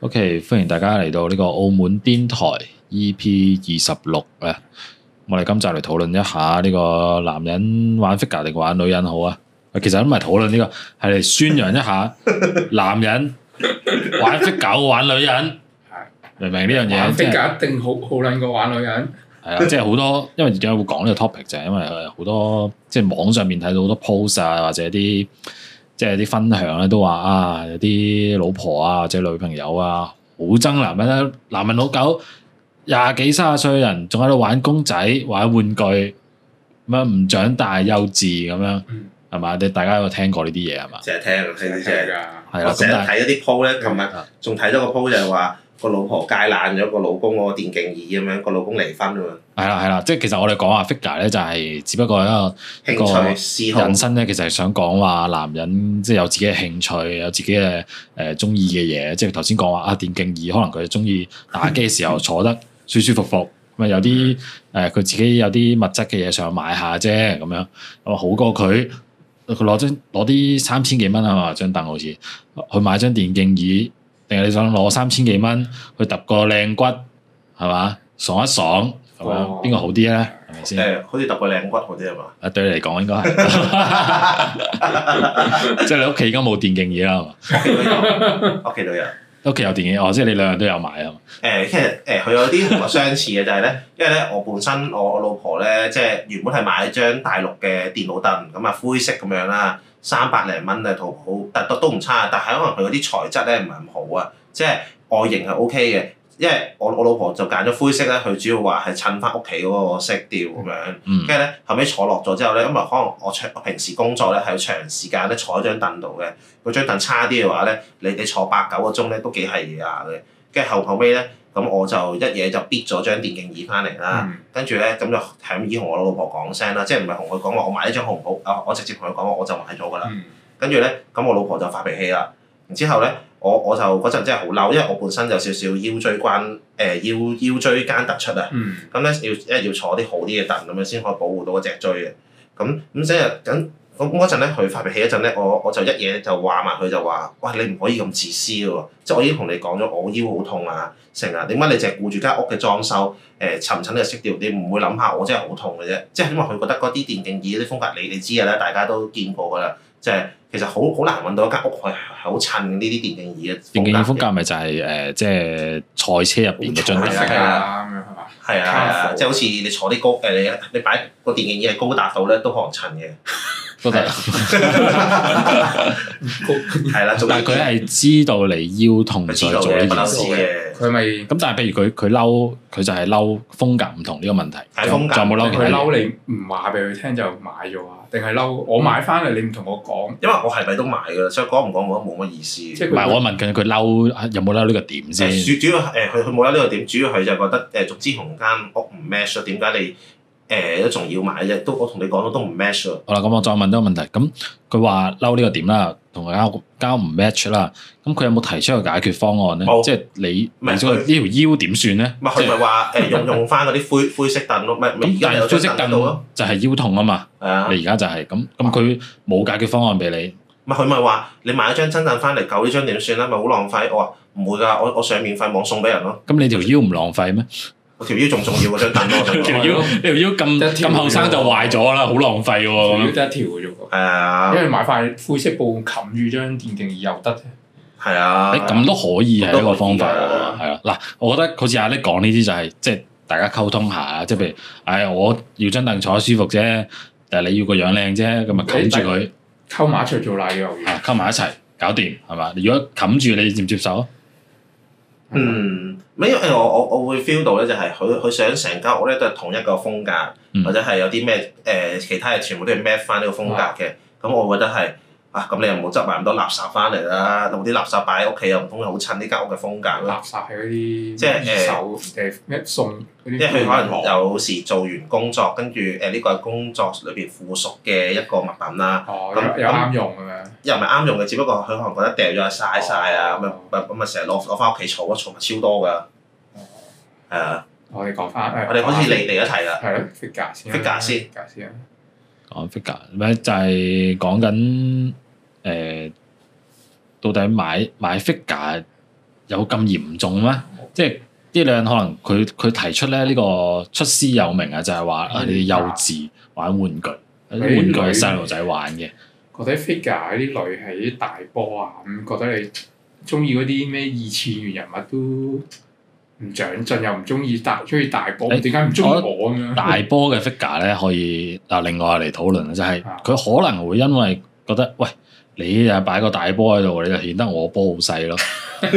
OK，歡迎大家嚟到呢個澳門電台 EP 二十六啊！我哋今集嚟討論一下呢個男人玩 figure 定玩女人好啊？其實都唔係討論呢、這個，係嚟宣揚一下男人玩 figure 玩女人， 明唔明呢樣嘢？figure 一定好好撚過玩女人，係 啊！即係好多，因為而家會講呢個 topic 就係、是、因為好多即係網上面睇到好多 post 啊或者啲。即係啲分享咧，都話啊，有啲老婆啊，即係女朋友啊，好憎男人咧，男人老狗，廿幾卅歲人仲喺度玩公仔玩玩具，咁樣唔長大幼稚咁樣，係嘛？你、嗯、大家有聽過呢啲嘢係嘛？成日聽，成日聽噶，聽對我成日睇一啲 po 咧，琴日仲睇咗個 po 就係話。個老婆介爛咗個老公嗰個電競椅咁樣，個老公離婚啊。係啦係啦，即係其實我哋講啊，figure 咧就係只不過一個興趣，人生咧其實係想講話男人即係有自己嘅興趣，有自己嘅誒中意嘅嘢。即係頭先講話啊，電競椅可能佢中意打機嘅時候坐得舒舒服服。咁啊 有啲誒佢自己有啲物質嘅嘢想買下啫咁樣，咁好過佢佢攞張攞啲三千幾蚊啊嘛張凳好似去買張電競椅。你想攞三千幾蚊去揼個靚骨，係嘛？爽一爽，咁樣邊個好啲咧？係咪先？誒，好似揼個靚骨嗰啲係嘛？誒，對你嚟講應該係，即係 你屋企而家冇電競嘢啦，係嘛？屋企都有，屋企都有，屋企有電競哦，即係你兩樣都有買啊嘛、呃？其實誒，佢、呃、有啲同我相似嘅就係咧， 因為咧我本身我我老婆咧，即、就、係、係、原本係買一張大陸嘅電腦凳，咁啊灰色咁樣啦。三百零蚊啊！淘寶，但都都唔差，但係可能佢嗰啲材質咧唔係咁好啊，即係外形係 OK 嘅，因為我我老婆就揀咗灰色咧，佢主要話係襯翻屋企嗰個色調咁樣，跟住咧後尾坐落咗之後咧，因為可能我長我平時工作咧係要長時間咧坐喺張凳度嘅，嗰張凳差啲嘅話咧，你哋坐八九個鐘咧都幾係嘢啊嘅，跟住後後尾咧。咁我就一嘢就搣咗張電競椅翻嚟啦，跟住咧咁就係咁而同我老婆講聲啦，即係唔係同佢講話我買呢張好唔好？啊，我直接同佢講話我就買咗噶啦。跟住咧，咁我老婆就發脾氣啦。之後咧，我我就嗰陣真係好嬲，因為我本身有少少腰椎關誒、呃、腰腰椎間突出啊。咁咧、嗯、要一係要坐啲好啲嘅凳咁樣先可以保護到嗰隻椎嘅。咁咁即係咁。咁嗰陣咧，佢發脾氣嗰陣咧，我我就一嘢就話埋佢就話，喂你唔可以咁自私喎！即係我已經同你講咗，我腰好痛啊，成日點解你淨係顧住間屋嘅裝修，誒、呃、沉唔襯呢個色調？你唔會諗下我真係好痛嘅啫！即係因為佢覺得嗰啲電競椅嗰啲風格，你你知嘅啦，大家都見過噶啦，即係其實好好難揾到一間屋係好襯呢啲電競椅嘅。電競椅風格咪就係誒，即係賽車入邊嘅風格啦，係嘛？係啊，即係好似你坐啲高誒，你你擺個電競椅喺高達到咧，都可能襯嘅。 係啦，但係佢係知道你要同在做呢啲嘢。佢咪咁？但係譬如佢佢嬲，佢就係嬲風格唔同呢個問題。風格。仲有冇嬲佢？嬲你唔話俾佢聽就買咗啊？定係嬲我買翻嚟你唔同我講？因為我係咪都買噶啦？所以講唔講我都冇乜意思。即係唔係我問緊佢嬲有冇嬲呢個點先？主要誒，佢佢冇嬲呢個點，主要係就覺得誒，總之同間屋唔 match 啦。點解你？誒，都仲、呃、要買啫，都我同你講都唔 match。好啦，咁我再問多個問題。咁佢話嬲呢個點啦，同佢交交唔 match 啦。咁佢有冇提出個解決方案咧？沒即係你，明白你咁呢條腰點算咧？唔係佢咪話誒用、嗯、用翻嗰啲灰灰色凳咯？唔係，咁但係灰色凳、啊、就係腰痛啊嘛。係啊，你而家就係咁咁，佢冇解決方案俾你。唔係佢咪話你買一張真凳翻嚟，舊呢張點算咧？咪好浪費。我話唔會㗎，我我上免費網送俾人咯。咁你條腰唔浪費咩？我條腰仲重要，等我，等我 條腰，條腰咁咁後生就壞咗啦，好、啊、浪費喎。條腰得一條嘅啫喎。係啊，因為買塊灰色布冚住張電競椅又得。係啊，誒咁都可以係一個方法喎。係啊，嗱、啊，我覺得好似阿叻講呢啲就係即係大家溝通下即係譬如，哎，我要張凳坐得舒服啫，但係你要個樣靚啫，咁咪冚住佢。溝埋一齊做賴嘢。啊，溝埋一齊搞掂係嘛？如果冚住你接唔接受啊？嗯，咩因為我我我會 feel 到咧，就係佢佢想成間屋咧都係同一個風格，嗯、或者係有啲咩誒其他嘢全部都係 match 翻呢個風格嘅，咁、嗯、我覺得係。啊！咁你又唔好執埋咁多垃圾翻嚟啦，攞啲垃圾擺喺屋企又唔通好襯呢間屋嘅風格。垃圾係嗰啲二手定咩送嗰啲？即係佢可能有時做完工作，跟住誒呢個係工作裏邊附屬嘅一個物品啦。哦。咁有啱用嘅。又唔係啱用嘅，只不過佢可能覺得掉咗又嘥曬啊，咁又咁咁咪成日攞攞翻屋企儲咯，儲埋超多噶。哦。係啊。我哋講翻。我哋好似離題一題啦。係咯，figure 先。figure 先。figure 先。講 figure，咩就係講緊。誒，到底買買 f i g u r e 有咁嚴重咩？嗯、即係啲女可能佢佢提出咧，呢個出師有名啊，就係話啊，你幼稚玩玩具，嗯、玩具細路仔玩嘅。女覺得 f i g u r e 啲類係啲大波啊，咁覺得你中意嗰啲咩二次元人物都唔長進，又唔中意大，中意大波，點解唔中意我咁大波嘅 f i g u r e 咧？可以嗱，另外嚟討論啊，就係、是、佢可能會因為覺得喂。你又、啊、擺個大波喺度，你就顯得我波好細咯。 即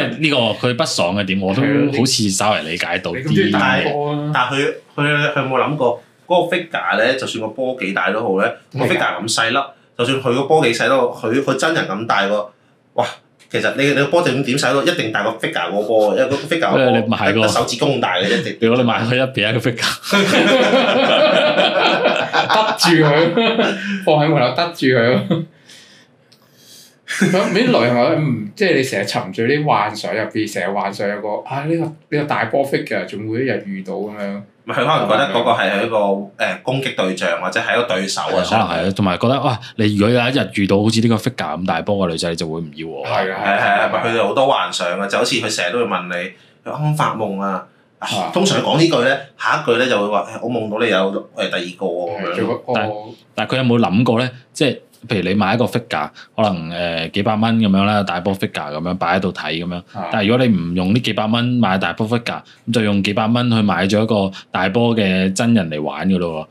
係呢、呢個佢不爽嘅點，我都好似稍微理解到啲、啊。但係佢佢佢有冇諗過？嗰、嗰個 figure 咧，就算個波幾大都好咧，個 figure 咁細粒，就算佢個波幾細都好，佢佢真人咁大喎。哇！其實你你個波就咁點細都一定大過 figure 個波，因為個 figure 你買個手指公大嘅啫。如果你買佢一比一個 figure，得 住佢，放喺門口得住佢。佢唔係，即係你成日沉住啲幻想入邊，成日幻想有個啊呢個呢個大波 figure 仲會一日遇到咁樣。唔係佢可能覺得嗰個係一個誒攻擊對象，或者係一個對手。啊。可能係，同埋覺得哇！你如果有一日遇到好似呢個 figure 咁大波嘅女仔，你就會唔要喎。係啊係啊係啊！佢哋好多幻想啊，就好似佢成日都會問你，佢啱發夢啊。通常講呢句咧，下一句咧就會話：我夢到你有誒第二個咁樣。但係佢有冇諗過咧？即係。譬如你買一個 figure 可能誒、呃、幾百蚊咁樣啦，大波 figure 咁樣擺喺度睇咁樣。但係如果你唔用呢幾百蚊買大波 figure 咁就用幾百蚊去買咗一個大波嘅真人嚟玩嘅咯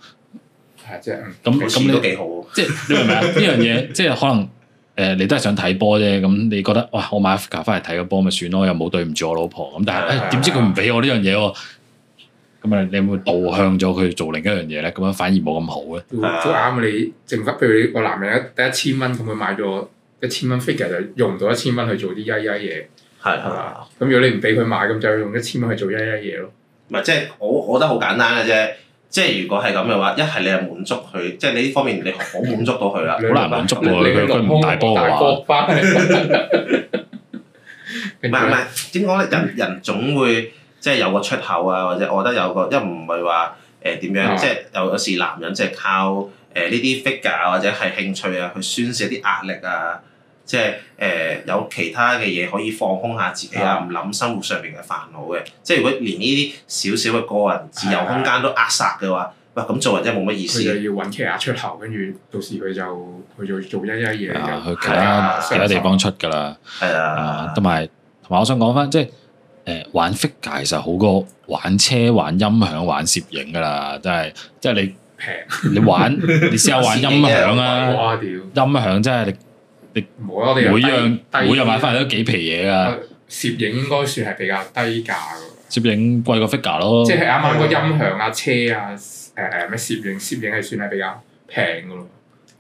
喎。係、啊，即係咁咁，都幾那好。即係你明唔明啊？呢 樣嘢即係可能誒、呃，你都係想睇波啫。咁你覺得哇，我買 figure 翻嚟睇個波咪算咯，又冇對唔住我老婆。咁但係點、哎、知佢唔俾我呢樣嘢喎？咁啊，你有冇導向咗佢做另一樣嘢咧？咁樣反而冇咁好咧。好啱啊！你正級，譬如你個男人得一千蚊，咁佢買咗一千蚊 figure，就用唔到一千蚊去做啲曳曳嘢。係係嘛？咁如果你唔俾佢買，咁就用一千蚊去做曳曳嘢咯。唔係即係我覺得好簡單嘅啫。即係如果係咁嘅話，一係你係滿足佢，即係你呢方面你好滿足到佢啦。好難滿足喎，佢佢唔大波大波啊。唔係唔係，點講咧？人人總會。即係有個出口啊，或者我覺得有個，因為個，一唔係話誒點樣，即係有有時男人即係靠誒呢啲 figure 或者係興趣啊，去宣泄啲壓力啊，嗯嗯嗯，即係誒有其他嘅嘢可以放空下自己啊，唔諗生活上面嘅煩惱嘅。即係如果連呢啲少少嘅個人自由空間都扼殺嘅話，喂，咁做人真係冇乜意思。佢要揾其他出口，跟住到時佢就去做做一一嘢嘅。其他、嗯嗯、其他其他地方出㗎啦。係啊。同埋同埋，我想講翻即係。誒玩 figure 其實好過玩車、玩音響、玩攝影噶啦，即係即係你平，便宜 你玩 你試下玩音響啊！音響真係你你每樣每樣買翻嚟都幾皮嘢噶。攝影應該算係比較低價噶喎。攝影貴過 figure 咯。即係啱啱個音響啊、車啊、誒誒咩攝影，攝影係算係比較平噶咯。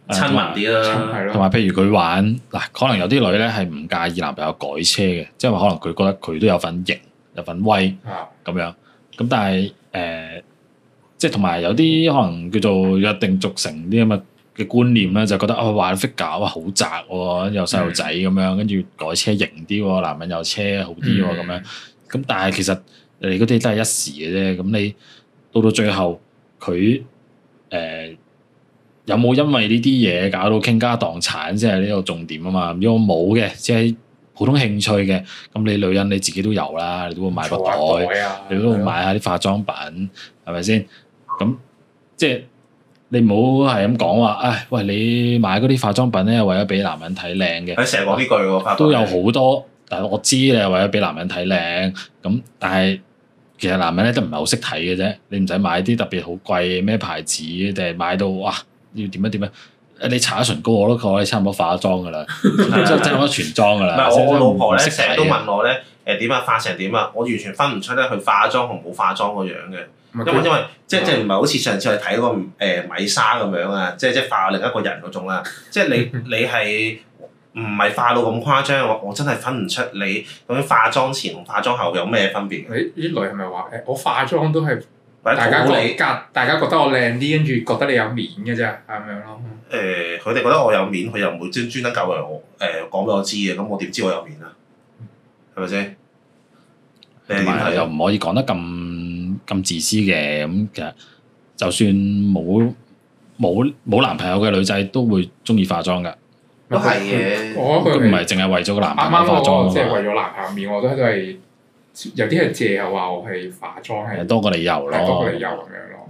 親民啲啦，同埋譬如佢玩嗱，可能有啲女咧係唔介意男朋友改車嘅，即係話可能佢覺得佢都有份型，有份威咁樣。咁但係誒，即係同埋有啲可能叫做約定俗成啲咁嘅觀念咧，就覺得玩 figure 好宅喎，有細路仔咁樣，跟住改車型啲喎，男人有車好啲喎咁樣。咁但係其實你嗰啲都係一時嘅啫。咁你到到最後佢誒。有冇因為呢啲嘢搞到傾家蕩產先係呢個重點啊嘛？如果冇嘅，即係普通興趣嘅，咁你女人你自己都有啦，你都會買個袋，你都會買下啲化妝品，係咪先？咁即係你唔好係咁講話，唉，喂，你買嗰啲化妝品咧，係為咗俾男人睇靚嘅。佢成日講呢句喎，都有好多，但係我知你係為咗俾男人睇靚，咁但係其實男人咧都唔係好識睇嘅啫，你唔使買啲特別好貴咩牌子，定係買到哇～要點樣點樣！你擦咗唇膏我都覺得差唔多化咗妝噶啦，即係化咗全妝噶啦。唔係我我老婆咧成日都問我咧，誒點啊化成點啊？我完全分唔出咧，佢化咗妝同冇化妝個樣嘅。因為因為，因為嗎即係即係唔係好似上次我哋睇個誒米莎咁樣啊，即係即係化另一個人嗰種啦。 即係你你係唔係化到咁誇張？我真係分唔出你咁樣化妝前同化妝後有咩分別？呢啲女係咪話誒？我化妝都係。大家覺得大家覺得我靚啲，跟住覺得你有面嘅啫，咁樣咯。誒、欸，佢哋覺得我有面，佢又唔會專專登教埋我誒講俾我我知嘅。咁我點知我有面啊？係咪先？誒、嗯，又唔、呃、可以講得咁咁自私嘅。咁、嗯、其實，就算冇冇冇男朋友嘅女仔，都會中意化妝㗎。唔係嘅，佢唔係淨係為咗個男朋友化妝，剛剛即係為咗男朋友面，我都都係。有啲人借又話我係化妝係多個理由啦，多個理由咁樣咯。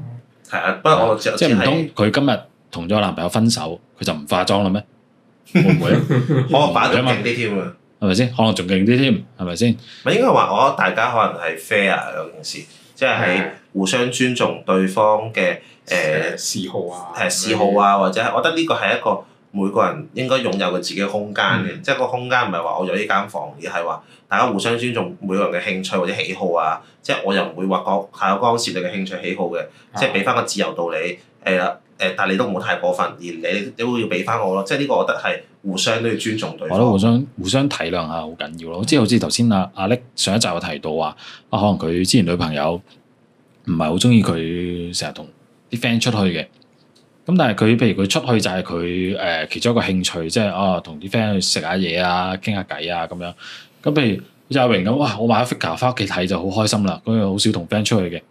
係 啊楽，不過我、就是、即係唔通佢今日同咗男朋友分手，佢就唔化妝啦咩？ 會唔會？可能化妝勁啲添啊？係咪先？可能仲勁啲添？係咪先？唔 係楽 應該話我覺得大家可能係 fair 嗰件事，即、就、係、是、互相尊重對方嘅誒嗜好啊，誒嗜是好啊，或者我覺得呢個係一個。每個人應該擁有佢自己嘅空間嘅，嗯、即係個空間唔係話我有呢間房，而係話大家互相尊重每個人嘅興趣或者喜好，喜好啊。即係我又唔會話個太過干涉你嘅興趣喜好嘅，即係俾翻個自由度你。誒、呃、誒、呃，但係你都唔好太過分，而你你都要俾翻我咯。即係呢個我覺得係互相都要尊重對方。我都互相互相體諒下好緊要咯。即係好似頭先阿阿叻上一集有提到話，啊可能佢之前女朋友唔係好中意佢成日同啲 friend 出去嘅。咁但係佢，譬如佢出去就係佢誒其中一個興趣，即係哦，同啲 friend 去食下嘢啊，傾下偈啊，咁樣。咁譬如阿榮咁，哇！我買咗 figure 翻屋企睇就好開心啦，咁樣好少同 friend 出去嘅。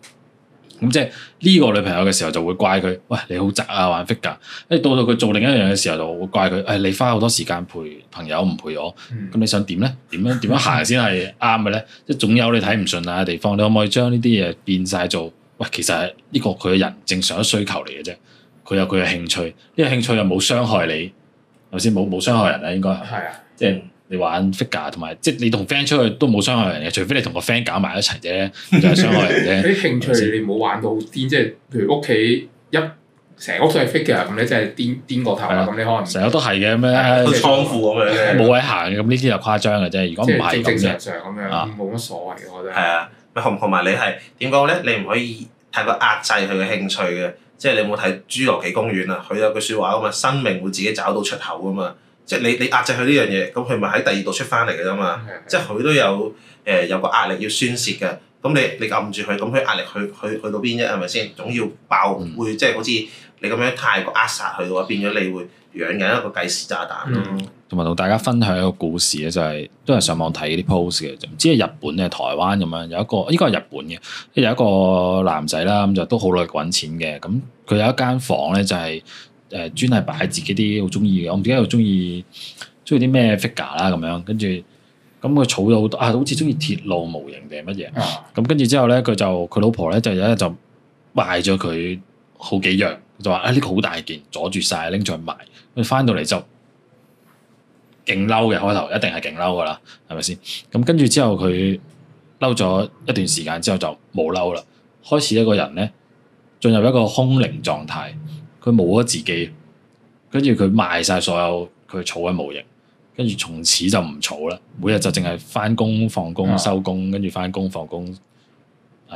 咁即係呢個女朋友嘅時候就會怪佢，喂，你好宅啊，玩 figure。誒到到佢做另一樣嘅時候就會怪佢，誒、哎、你花好多時間陪朋友唔陪我，咁、嗯、你想點咧？點樣點樣行先係啱嘅咧？即係、嗯、總有你睇唔順眼嘅地方，你可唔可以將呢啲嘢變晒做？喂，其實係呢個佢嘅人正常嘅需求嚟嘅啫。佢有佢嘅興趣，呢個興趣又冇傷害你，係咪先？冇冇傷害人咧，應該係啊。即係的你玩 figure 同埋，即係你同 friend 出去都冇傷害人嘅，除非你同個 friend 搞埋一齊啫， 就係傷害人啫。啲 才興趣你冇玩到好癲，即係譬如屋企一成屋都係 figure 咁，你真係癲癲過頭啦。咁的你可能成日都係嘅咩？都倉庫咁樣咧，冇位行嘅。咁呢啲就誇張嘅啫。如果唔係正常咁樣，冇乜所謂我覺得，係啊的，咪同埋你係點講咧？你唔可以太過壓制佢嘅興趣嘅。即係你有冇睇侏羅紀公園啊？佢有句説話噶嘛，生命會自己找到出口噶嘛。即係你你壓制佢呢樣嘢，咁佢咪喺第二度出翻嚟嘅啫嘛。是是即係佢都有誒、呃、有個壓力要宣泄嘅。咁你你按住佢，咁佢壓力去去去，去到邊啫？係咪先？總要爆，嗯、會即係好似你咁樣太過扼殺佢嘅話，變咗你會養緊一個計時炸彈咯。嗯同大家分享一個故事咧，就係、是、都係上網睇啲 post 嘅，唔知係日本定係台灣咁樣。有一個，呢個係日本嘅，有一個男仔啦，咁就都好努力揾錢嘅。咁佢有一間房咧、就是，就係誒專係擺自己啲好中意嘅。我唔記得好中意中意啲咩 figure 啦，咁樣跟住咁佢儲到好多啊，好似中意鐵路模型定係乜嘢。咁跟住之後咧，佢就佢老婆咧就有一日就賣咗佢好幾樣，就話啊呢、這個好大件，阻住晒拎出去賣。佢返到嚟就。勁嬲嘅，開頭一定係勁嬲噶啦，係咪先？咁跟住之後佢嬲咗一段時間之後就冇嬲啦，開始一個人咧進入一個空靈狀態，佢冇咗自己，跟住佢賣晒所有佢儲嘅模型，跟住從此就唔儲啦，每日就淨係返工、放工、收工，跟住返工、放工。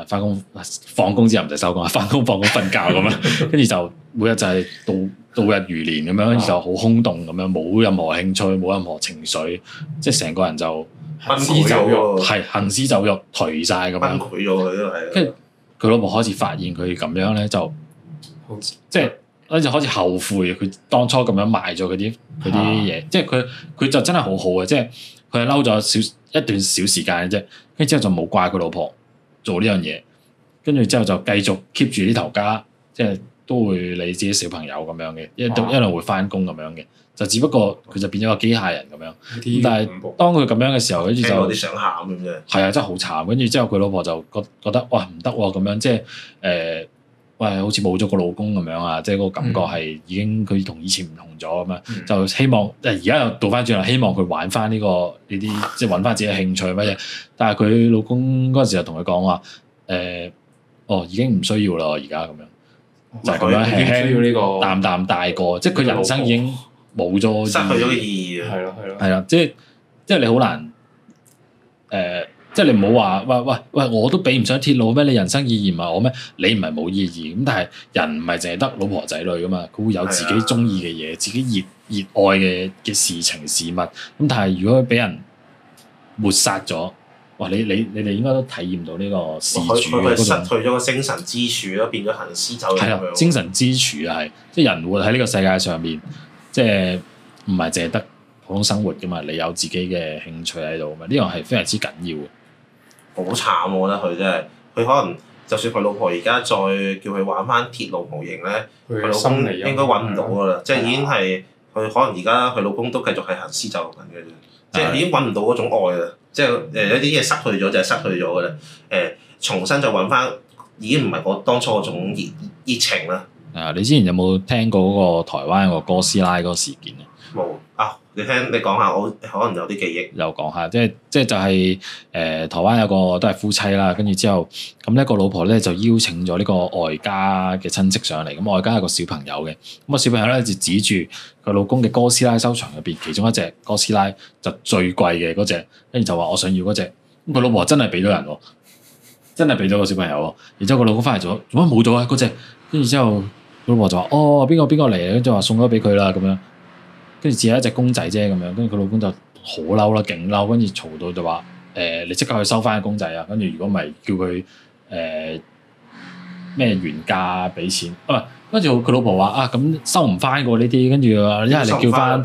翻工放工之後唔使收工，翻工放工瞓覺咁樣，跟住就每日就係度度日如年咁樣，樣就好空洞咁樣，冇任何興趣，冇任何情緒，即係成個人就行屍走肉，係行屍走肉頹晒咁樣，咗佢跟住佢老婆開始發現佢咁樣咧，就即係咧就開始後悔佢當初咁樣賣咗嗰啲啲嘢。即係佢佢就真係好好嘅，即係佢係嬲咗小一段小時間嘅啫，跟住之後就冇怪佢老婆。做呢樣嘢，跟住之後就繼續 keep 住呢頭家，即係都會理自己小朋友咁樣嘅，一一路會翻工咁樣嘅，就哇只不過佢就變咗個機械人咁樣。但係當佢咁樣嘅時候，跟住就有啲想喊咁樣。係啊，真係好慘。跟住之後佢老婆就覺覺得哇唔得喎咁樣，即係誒。呃喂，好似冇咗個老公咁樣啊，即係個感覺係已經佢同以前唔同咗咁樣，嗯、就希望即係而家又倒翻轉啦，希望佢玩翻呢、呢個呢啲，即係揾翻自己興趣乜嘢。但係佢老公嗰陣時就同佢講話，誒、呃，哦，已經唔需要啦，而家咁樣、嗯、就咁樣、嗯、輕要呢、呢個輕輕、呢個、淡淡大個，即係佢人生已經冇咗失去咗意義啊，係咯係咯，係啦，即係即係你好難誒。呃即係你唔好話喂喂喂，我都比唔上鐵路咩？你人生意義唔係我咩？你唔係冇意義咁，但係人唔係淨係得老婆仔女噶嘛，佢會有自己中意嘅嘢，的自己熱熱愛嘅嘅事情事物。咁但係如果俾人抹殺咗，哇！你你你哋應該都體驗到呢個，失去咗個精神支柱咯，變咗行屍走肉咁樣。精神支柱啊，係即係人活喺呢個世界上面，即係唔係淨係得普通生活噶嘛？你有自己嘅興趣喺度啊嘛？呢個係非常之緊要。好慘喎！我覺得佢真係，佢可能就算佢老婆而家再叫佢玩翻鐵路模型咧，佢老公應該揾唔到噶啦，即係、呃、已經係佢可能而家佢老公都繼續係行屍走肉嘅啫，即係已經揾唔到嗰種愛啦，即係誒有啲嘢失去咗就係失去咗噶啦，誒重新就揾翻已經唔係我當初嗰種熱、熱情啦。啊！你之前有冇聽過嗰個台灣個哥斯拉嗰個事件咧？冇。 沒 啊、哦！你聽你講下，我可能有啲記憶。又講下，即係即係就係、是、誒、呃、台灣有個都係夫妻啦，跟住之後咁咧、那個老婆咧就邀請咗呢個外家嘅親戚上嚟，咁、嗯、外家有個小朋友嘅，咁、那、啊、個、小朋友咧就指住佢老公嘅哥斯拉收藏入邊其中一隻哥斯拉就最貴嘅嗰隻，跟住就話我想要嗰隻，咁、那、佢、個、老婆真係俾咗人喎，真係俾咗個小朋友喎，然、啊、之後佢老公翻嚟咗，做乜冇咗啊嗰隻？跟住之後佢老婆就話：哦，邊個邊個嚟？跟住話送咗俾佢啦咁樣。跟住只有一隻公仔啫咁樣，跟住佢老公就好嬲啦，勁嬲，跟住嘈到就話：誒、呃，你即刻去收翻個公仔啊！跟住如果唔係叫佢誒咩原價俾錢啊！跟住佢老婆話：啊，咁、啊啊、收唔翻嘅呢啲，跟住一係你叫翻誒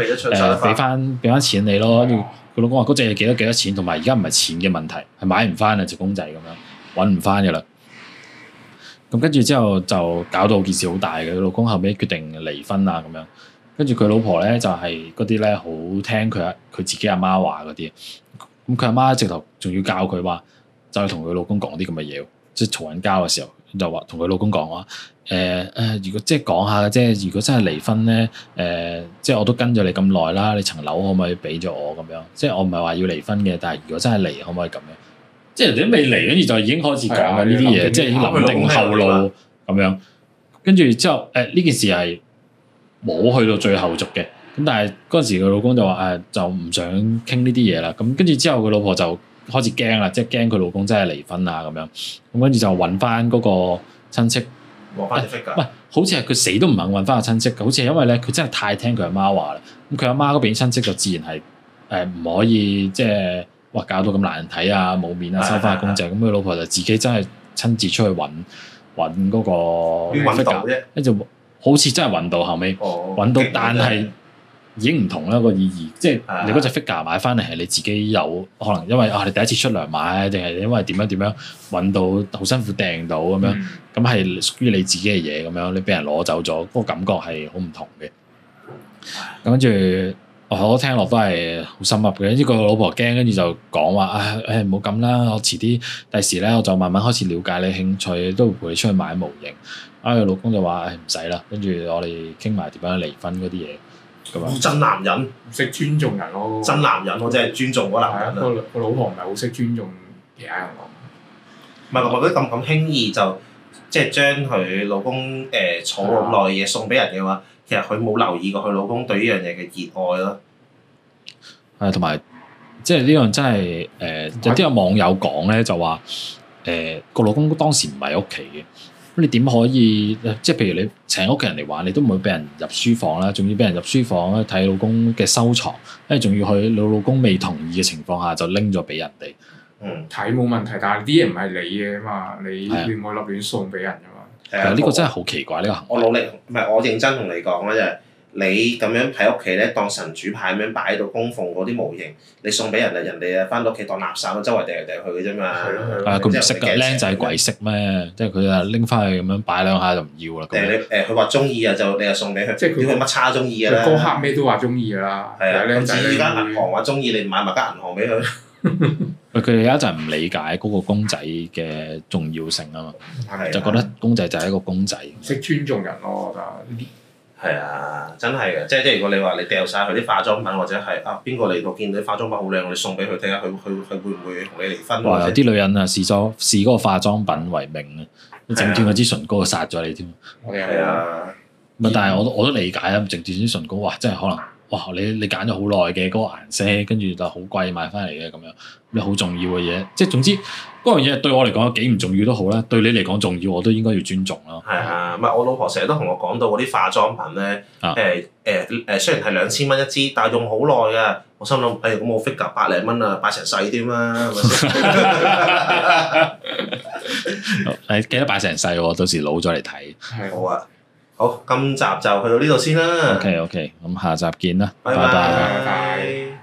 俾翻俾翻錢你咯。跟住佢老公話：嗰隻係幾多幾多錢？同埋而家唔係錢嘅問題，係買唔翻啊隻公仔咁樣，揾唔翻嘅啦。咁跟住之後就搞到件事好大嘅，佢老公後尾決定離婚啊咁樣。跟住佢老婆咧就係嗰啲咧好聽佢阿佢自己阿媽話嗰啲，咁佢阿媽直頭仲要教佢話就係同佢老公講啲咁嘅嘢，即係嘈緊交嘅時候就話同佢老公講話，誒、欸、誒、呃、如果即係講下即係如果真係離婚咧，誒、欸、即係我都跟咗你咁耐啦，你層樓可唔可以俾咗我咁樣？即係我唔係話要離婚嘅，但係如果真係離可唔可以咁樣？即係人哋都未離，跟住就已經開始講緊呢啲嘢，即係已經諗定後路咁樣。跟住之後誒呢件事係。冇去到最後續嘅，咁但係嗰陣時佢老公就話誒、哎、就唔想傾呢啲嘢啦，咁跟住之後佢老婆就開始驚啦，即係驚佢老公真係離婚啊咁樣，咁跟住就揾翻嗰個親戚，揾翻親戚，唔係好似係佢死都唔肯揾翻個親戚，好似係因為咧佢真係太聽佢阿媽話啦，咁佢阿媽嗰邊親戚就自然係誒唔可以即係哇搞到咁難睇啊，冇面啊，收翻個公仔，咁佢老婆就自己真係親自出去揾揾嗰個，跟住揾到啫，跟住。好似真係揾到，哦、到，後尾，揾到，但係已經唔同一個意義。啊、即係你嗰隻 figure 買翻嚟係你自己有，可能因為啊你第一次出糧買，定係因為點樣點樣揾到好辛苦訂到咁、嗯、樣，咁係屬於你自己嘅嘢咁樣，你俾人攞走咗，嗰個感覺係好唔同嘅。跟住我聽落都係好心悒嘅。呢個老婆驚，跟住就講話啊唔好咁啦，我遲啲第時咧，我就慢慢開始了解你興趣，都會陪你出去買模型。啊！佢老公就話：誒唔使啦，跟住我哋傾埋點樣離婚嗰啲嘢。咁啊！真男人唔識尊重人咯、啊，真男人我真係尊重嗰男人。啊，個老婆唔係好識尊重其他人咯。唔係佢佢咁咁輕易就即係將佢老公誒、呃、坐咁耐嘢送俾人嘅話，的其實佢冇留意過佢老公對呢樣嘢嘅熱愛咯。係同埋即係呢樣真係誒，有啲有網友講咧，就話誒個老公當時唔喺屋企嘅。咁你點可以？即係譬如你請屋企人嚟玩，你都唔會俾人入書房啦，仲要俾人入書房咧睇老公嘅收藏，跟住仲要去你老公未同意嘅情況下就拎咗俾人哋。嗯，睇冇問題，但係啲嘢唔係你嘅嘛，你亂攞亂送俾人㗎嘛。係，呢個真係好奇怪呢個行為。我努力唔係我認真同你講咧就你咁樣喺屋企咧當神主牌咁樣擺到供奉嗰啲模型，你送俾人哋，人哋啊翻到屋企當垃圾周圍掟嚟掟去嘅啫嘛。係佢唔識噶，僆仔鬼識咩？即係佢啊拎翻去咁樣擺兩下就唔要啦。誒佢話中意啊，就你又送俾佢。即係佢乜叉中意嘅咧？高黑咩都話中意啦。係啊。僆仔依家銀行話中意，你買埋間銀行俾佢。佢哋有一陣唔理解嗰個公仔嘅重要性啊嘛，就覺得公仔就係一個公仔。識尊重人咯，就係呢係啊，真係嘅，即係即係如果你話你掉晒佢啲化妝品，或者係啊邊個嚟到見到啲化妝品好靚，你送俾佢睇下，佢佢佢會唔會同你離婚？有啲、哎、女人啊，試咗試嗰個化妝品為名，你你啊，整斷嗰支唇膏殺咗你添。係啊，唔係但係我我都理解啊，整斷支唇膏，哇！真係可能，哇！你你揀咗好耐嘅嗰個顏色，跟住就好貴買翻嚟嘅咁樣，咩好重要嘅嘢，即係總之。嗰樣嘢對我嚟講幾唔重要都好啦，對你嚟講重要我都應該要尊重咯。係啊，唔係我老婆成日都同我講到嗰啲化妝品咧，誒誒誒，雖然係兩千蚊一支，但係用好耐嘅。我心諗，哎呀，咁我 figure 百零蚊啊，擺成世添嘛。誒，記得擺成世喎，到時老咗嚟睇。係好啊，好，今集就去到呢度先啦。OK，OK，okay, okay, 咁下集見啦，拜拜。